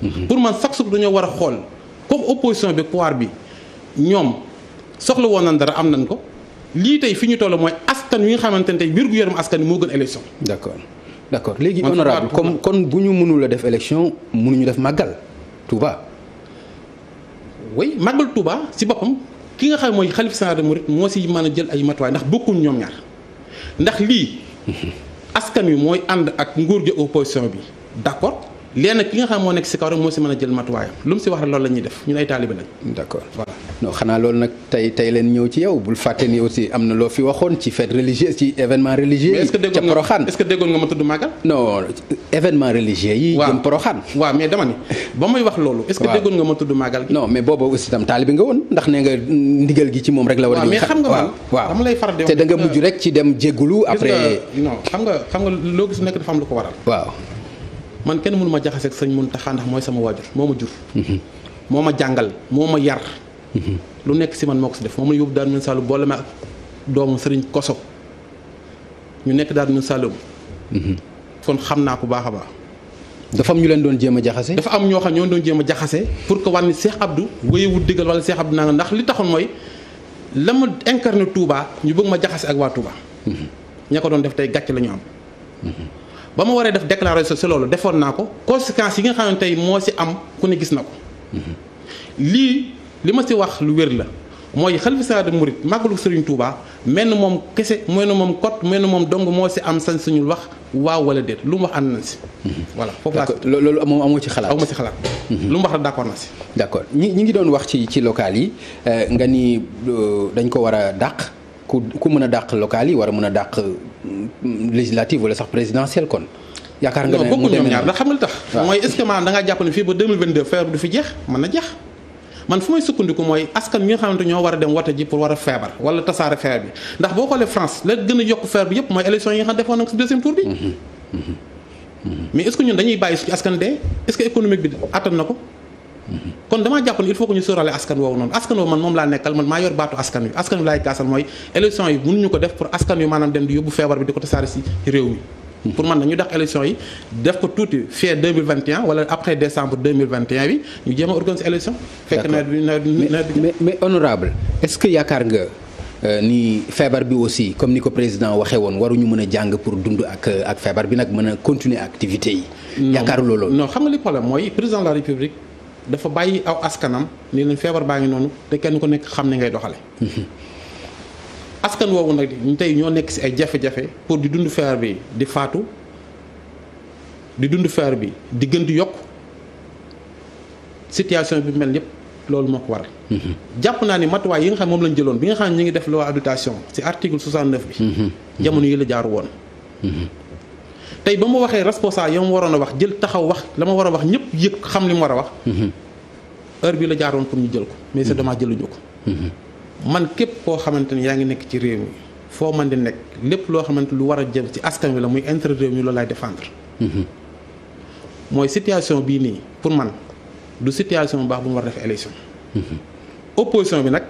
pour man chaque jour dañoo war a comme opposition bi pouvoir bi ñom soxla woon nañ dara am nañ ko li tay fiñu ñu toll askan yi nga xamante gu yaram askan mo gën élection. D'accord, d'accord, d' honorable comme kon buñu mënu la a def élection ñu def magal Touba. oui magal Touba si boppam ki nga xam moy Khalif général des mourides si mën jël ay matuwaay ndax bokku ñom ñaar ndax li askan yi moy and ak nguur gi opposition bi d'accord lenn ki nga xam moo nekk si kaw rek moo si mën a jël matuwaayam lu mu si wax rek loolu la ñuy def ñun ay taalibe lañ. d'accord voilà. non xanaa loolu nag tey tey leen ñëw ci yow bul fàtte ni aussi am na loo fi waxoon ci fête religieuse ci événement religieux yi. ca Porokhane est-ce que déggoon nga ma tudd Magal. non événement religieux yi. waaw jëm Porokhane. waaw mais dama ni ba muy wax loolu. est-ce que déggoon nga ma tudd Magal. non mais boobu aussi tam taalibe nga woon ndax ne nga ndigal gi ci moom rek la war a. mais xam nga man dama lay faral di wax te da nga mujj rek ci dem jéggulu après. non xam nga xam nga loo gis nekk dafa am lu ko waral. waaw man kenn mënu ma jaxase ak sëñ Muntaxa ndax mooy sama waajur moo ma jur mhm. moo ma jàngal moo ma yar mhm. lu nekk si man moo ko si def moom la yóbbu Daaru Minam Saloum boole ma ak doomu sëriñ Koso ñu nekk Daaru Minam Saloum mhm. kon xam naa ko baax a baax dafa am ñu leen doon jéem a jaxase dafa am ñoo xam ñoo doon jéem a jaxase pour que wànni Cheikh Abdou wéyewul diggal wala Cheikh Abdou nanga ndax li taxoon mooy la ma incarné tuuba ñu bëgg ma jaxase ak waa Touba ña ko doon def tey gàcc la am ba ma waree def déclaration si loolu defoon naa ko conséquences yi nga xam ne tey moo si am ku ne gis na ko lii li ma si wax lu wér la mooy xalifa général des mourides màggalu Serigne mel na moom kese mel na moom kot mel na moom dong moo si am sañ suñul wax waaw wala déet lu mu wax ànd nañ si. voilà foofu laa loolu moom amoo ci xalaat. aw ma ci xalaat. Mhm. lu mu wax d' accord na si. d' ñi ñi ngi doon wax ci ci local yi euh, nga ni euh, dañ ko war a dàq. ku ku mën a dàq local yi war a mën a dàq mm, législative wala sax présidentielle kon. yaakaar nga ne mu demee ñaar da xam nga tax. mooy est ce que maanaam da ngaa jàpp ne fii ba 2022 feebar du fi jeex mën na jeex. man fu may sukkandiku mooy askan wi nga xamante ñoo war a dem wote ji pour war a feebar wala tasaare feebar bi ndax boo xoolee France la gën a yokk feebar bi yëpp mooy élection yi nga xam defoon na ko si deuxième tour bi. Mm-hmm. Mm-hmm. Mm-hmm. mais est ce que ñun dañuy bàyyi suñu askan na ko kon dama jappal il faut que ñu sooralé askan woowu non askan woowu man mom la nekkal man ma yor batu askan wi askan wi laay kaasal mooy élection yi mënuñu ko def pour askan yu manam dem di yóbbu feebar bi diko tassari ci si réew mi hmm. pour man na ñu dax élection yi def ko tuuti fii 2021 wala après décembre 2021 bi ñu jéem organiser élection fekk na mais mais honorable est-ce que yakar nga euh, ni feebar bi aussi comme ni ko président waxé won waruñu mën a jàng pour dundu ak ak feebar bi nak mëna continuer activité yi yakar loolu non xam nga li problème moy président de la république dafa bayyi aw askanam ni leen feebar baa ngi noonu te kenn ko nekk xam ne ngay doxale askan woowu nag ñu tey ñoo nekk ci ay jafe-jafe pour di dund feebar bi di faatu di dund feebar bi di gën di yokk situation bi mel yépp loolu moo ko waral. jàpp naa ni matuwaay yi nga xam moom lañ jëloon bi nga xam ñu ngi def loi d'adaptation ci article 69 bi. jamono yi la jaaru woon. tey ba mu waxee responsable ya mu waroon a wax jël taxaw wax la ma war a wax ñëpp yëg xam li mu war a wax. Mm-hmm. heure bi la jaaroon pour ñu jël ko. mais c'est mm-hmm. dommage jëluñu ko. Mm-hmm. man képp koo xamante ni yaa ngi nekk ci réew mi foo man di nekk lépp loo xamante lu war a jël ci askan wi la muy intérêt réew mi loolu laay défendre. mooy situation bii nii pour man du situation bu baax bu mu war a def élection. opposition bi nag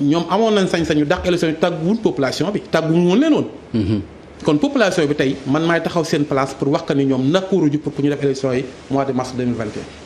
ñoom amoon nañ sañ sañ dàq élection yi tàgguwul population bi tàgguwul woon leen kon population bi tey man maay taxaw seen place pour wax que ni ñoom nakkuuru ju pour ku ñu def élection yi mois de mars 2021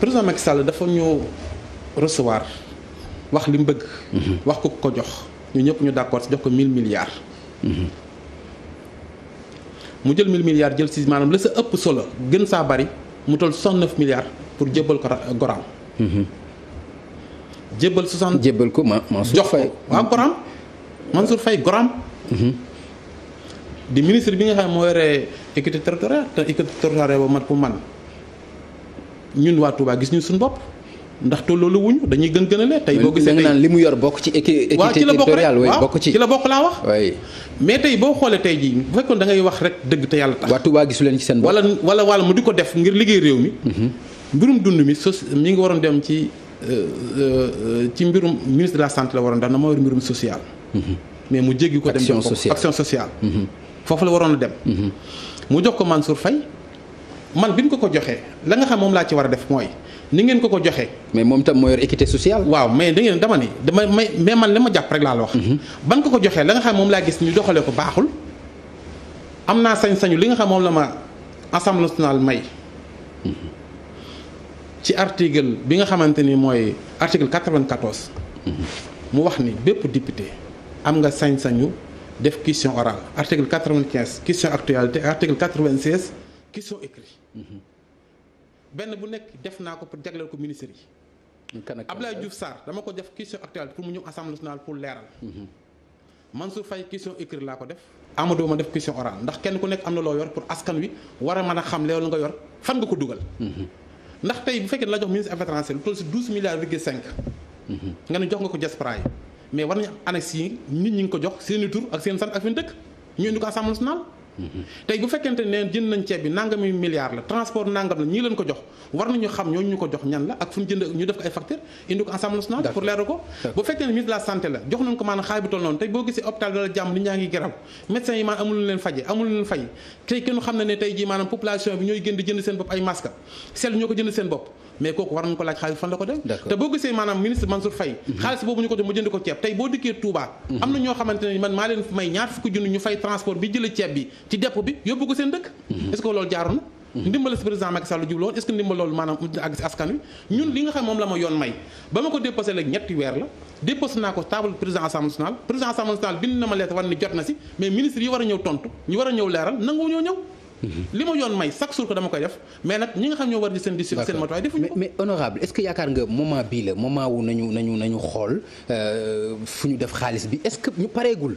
président Macky Sall dafa ñu recevoir wax li bëgg. Mhm. wax ko ko jox ñu ñëpp ñu d'accord si jox ko mille milliards. Mhm. mu jël 1000 milliards jël si maanaam la sa ëpp solo gën saa bari mu toll 69 milliards pour jébbal ko Goram. Mhm. jébbal 60. jébbal ko ma Mansour Faye jox di ministre bi nga xam ne moo yore équité territoriale te équité territoriale ba mat pour man. ñun waa gis ñu suñu bopp ndax tolloolu wuñu dañuy gën gën a lee tey boo gisee tey naan li mu yor bokk ci équité territoriale waaw bokk ci la bokk laa wax mais tey boo xoolee tey jii bu fekkoon dangay ngay wax rek dëgg te yàlla tax waa gisu leen ci seen bopp wala wala mu di ko def ngir liggéey réew mi mhm. mbirum dund mi sos mi ngi waroon dem ci euh, euh, ci mbirum ministre de la santé la waroon def na moo yor mbirum social mhm. mais mu jéggi ko dem action sociale mhm. foofu la waroon a dem mu jox ko Mansour man bi ñu ko ko joxee la nga xam moom laa ci war a def mooy ni ngeen ko ko joxee. mais moom tam moo yor équité sociale. waaw mais da dama ni dama may mais man li ma jàpp rek laa la wax. Mhm. ban ko ko joxee la nga xam moom laa gis ñu doxalee ko baaxul am naa sañ-sañu li nga xam moom la ma assemblée nationale may. Mhm. ci article bi nga xamante ni mooy article 94. Mhm. mu wax ni bépp député am nga sañ-sañu def question orale article 95 question actualité article 96 question écrite. Mhm. benn bu nekk def naa ko pour jagleel ko ministère yi. kan ak Abdoulaye Diouf Sarr dama ko def question actuelle pour mu ñëw assemblée nationale pour leeral. Mhm. su Faye question écrite laa ko def. Amadou ma def question orale ndax kenn ku nekk am na loo yor pour askan wi war a mën a xam loolu nga yor fan nga ko dugal. Mhm. ndax tey bu fekkee la jox ministre affaires étrangères lu toll si douze milliards virgule cinq. nga ne jox nga ko diaspora yi mais war nañu annexe yi nit ñi ngi ko jox seen i ak seen sant ak dëkk ñu indi ko assemblée nationale. tey bu fekkente ne jënd nañ ceeb bi nangami milliards la transport nangam la ñii leen ko jox war nañu xam ñooñu ko jox ñan la ak fu ñu jënd ko ay facture indi ko assemblée nationale pour leeral ko bu fekkee ne ministre de la santé la jox nañ ko maanaam xaalis bi toll noonu tey boo gisee hôpital dala jàmm nit ñaa ngi garab médecins yi maanaam amul leen faje amul leen fay tey kenn xam ne ne tey ji maanaam population bi ñooy mhm. boobu ñu ko jox mu jënd ko ceeb tey boo dikkee Touba mhm. am na ñoo xamante ne man maa leen may ñaar fukki junni ñu fay transport bi jëlee ceeb bi ci depp bi yóbbu ko seen dëkk. Mhm. est loolu jaaroon na. Mhm. ndimbal si président Macky Sall jublu woon est-ce que ndimbal loolu maanaam àgg si askan wi ñun li nga xam moom la ma yoon may ba ma ko déposé léegi ñetti weer la déposé naa ko table président assemblée nationale président assemblée nationale bind na na si mais ministre yi war a ñëw tontu ñu war a ñëw leeral nangu ñoo mhm. ma yoon may chaque jour koy def mais nag ñi nga xam ñoo war di seen district seen matuwaay bii la moment wu nañu nañu nañu xool euh, fu ñu def xaalis bi est-ce que ñu pareegul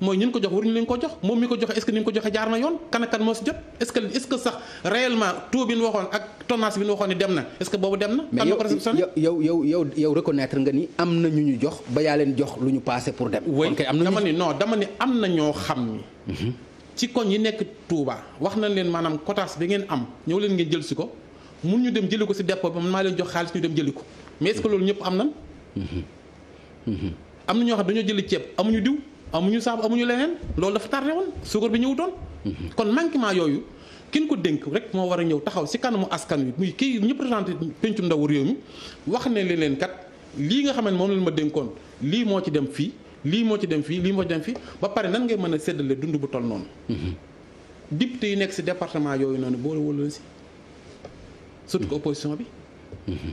mooy ñun ko jox waruñu leen ko jox moom mi ko joxe est ce que ko joxe jaar na yoon kan moo si jot est ce que est ce que sax réellement taux bi ñu waxoon ak tonnage bi ñu waxoon ni dem na est ce que boobu dem na. mais am na ñu jox ba yaa leen jox lu ñu passé pour dem. na dama ni non dama ni am na ñoo xam ni. Mhm. ci koñ yi nekk Touba wax nañ leen maanaam quotas bi ngeen am ñëw leen ngeen jël si ko mun ñu dem jëli ko si dépôt ba man maa leen jox xaalis ñu dem jëli ko mais est loolu ñëpp am nan mhm. mhm. am na ñoo xam dañoo jëli ceeb amuñu diw amuñu saabu amuñu leneen loolu dafa tardé woon suukar bi ñëwutoon. kon manquement yooyu kenn ko dénk rek moo war a ñëw taxaw si kanamu askan wi muy kii ñëpp représenté pencum ndawu réew mi wax ne li leen kat lii nga xam ne moom lañ ma dénkoon lii moo ci dem fii lii moo ci dem fii lii moo dem fii ba pare nan ngay mën a séddale dundu bu toll noonu. Mhm. député yi nekk si département yooyu noonu boole wóolu la si. opposition bi. Mhm.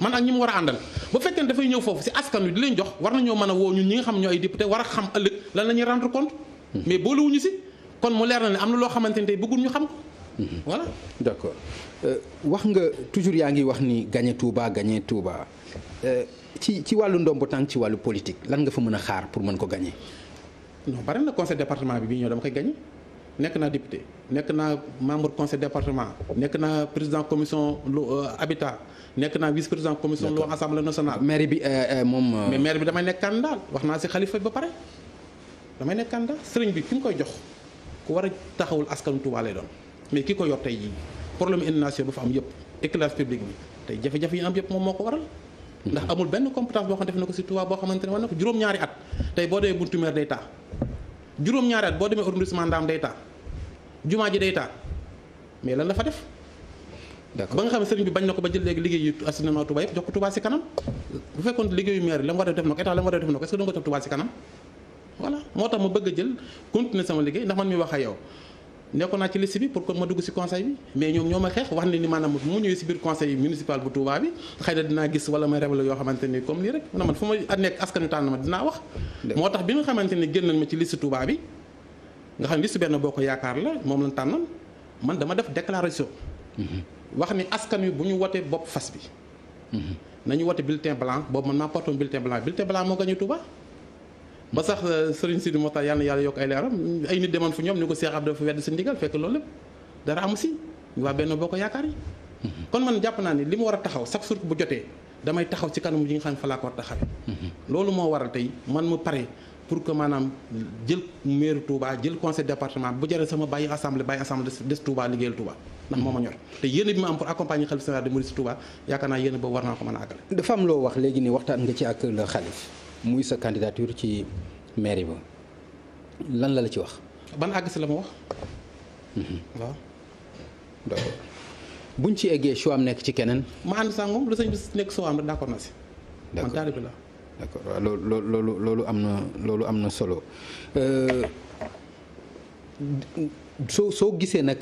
man ak ñi mu war a àndal bu fekkee ne dafay ñëw foofu si askan wi di leen jox war nañoo mën a woo ñun ñi nga xam ñoo ay député war a xam ëllëg lan la ñuy rendre compte hmm. mais boolewuñu si kon mu leer na ne am na loo xamante ne tey bëggul ñu xam ko hmm. voilà d'accord euh, wax nga toujours yaa ngi wax ni gagné Touba gagné Touba euh, ci ci wàllu ndombo tànk ci wàllu politique lan nga fa mën a xaar pour mën ko gagné non bari na conseil département bi bii ñoo dama koy gagné nekk naa député nekk membre conseil département nekk président commission euh, habitat nekk vice président commission loi assemblée nationale. maire bi euh, euh, mom mais maire bi damay nekk candidat waxna ci khalifa ba paré damay nekk candidat serigne bi kim koy jox ku wara taxawul askan touba lay don mais kiko yor tay problème international, bi fa am yépp éclairage public publique bi tey jafe yi am yépp mom moko waral. ndax amul benn compétence boo xam def na ko si touba boo xamante wala ko juróom-ñaari at tey boo demee buntu maire day taa juróom-ñaari at boo demee arrondissement Ndaam day taa jumaa ji day taa mais lan la def. d'accord ba nga xam sëriñ bi bañ na ko ba jël léegi liggéeyu assainissement Touba yëpp jox ko Touba si kanam bu fekkoon liggéeyu maire la mu war a def na ko état la a def na ma bëgg jël continuer sama liggéey ndax man mi wax ak yow nekkoon naa ci liste bi pour que ma dugg si conseil bi mais ñoom ñoo ma xeex mu ñëwee si biir conseil municipal bu Touba bi xëy na dinaa gis wala may révélé yoo xamante ni comme lii rek fu ma nekk askan wi tànn ma dinaa wax moo tax bi ma xamante ni génn ma ci liste Touba bi nga xam ne liste benn boo ko yaakaar la moom lañ tànn man dama def déclaration. wax ni askan wi bu ñu wote bopp fas bi. nañu wote bulletin balan boobu man maa portoon bulletin blanc bulletin blanc moo gagné Touba. ba sax euh, Serigne Sidi Mokhtar yàlla na yàlla yokk ay leeram ay nit demoon fu ñoom ni ko Cheikh Abdou dafa wedd si ndigal fekk loolu lépp si waa benn boo yaakaar kon man jàpp naa ne li mu war a taxaw chaque jour bu jotee damay taxaw ci kanam yi nga xam ne fa laa a taxawee. man mu pare pour que maanaam jël mairie Touba jël conseil département bu jëree sama bàyyi assemblée bàyyi assemblée des Touba liggéeyal Touba ndax moo ma ñor te yéen bi ma am pour accompagner xalif si Touba yaakaar naa yéen boobu war naa ko mën a àggale. dafa am loo wax léegi ni waxtaan muy sa candidature ci mairie ba la la ci wax. ban àgg si la ma mhm. ci eggee choix am nekk ci keneen. ma ànd sax moom lu sëñ bi nekk soo am rek d'accord na si. d'accord man taalibe la accord waaw loolu loolu loolu am na loolu am na solo euh, soo soo gisee nag.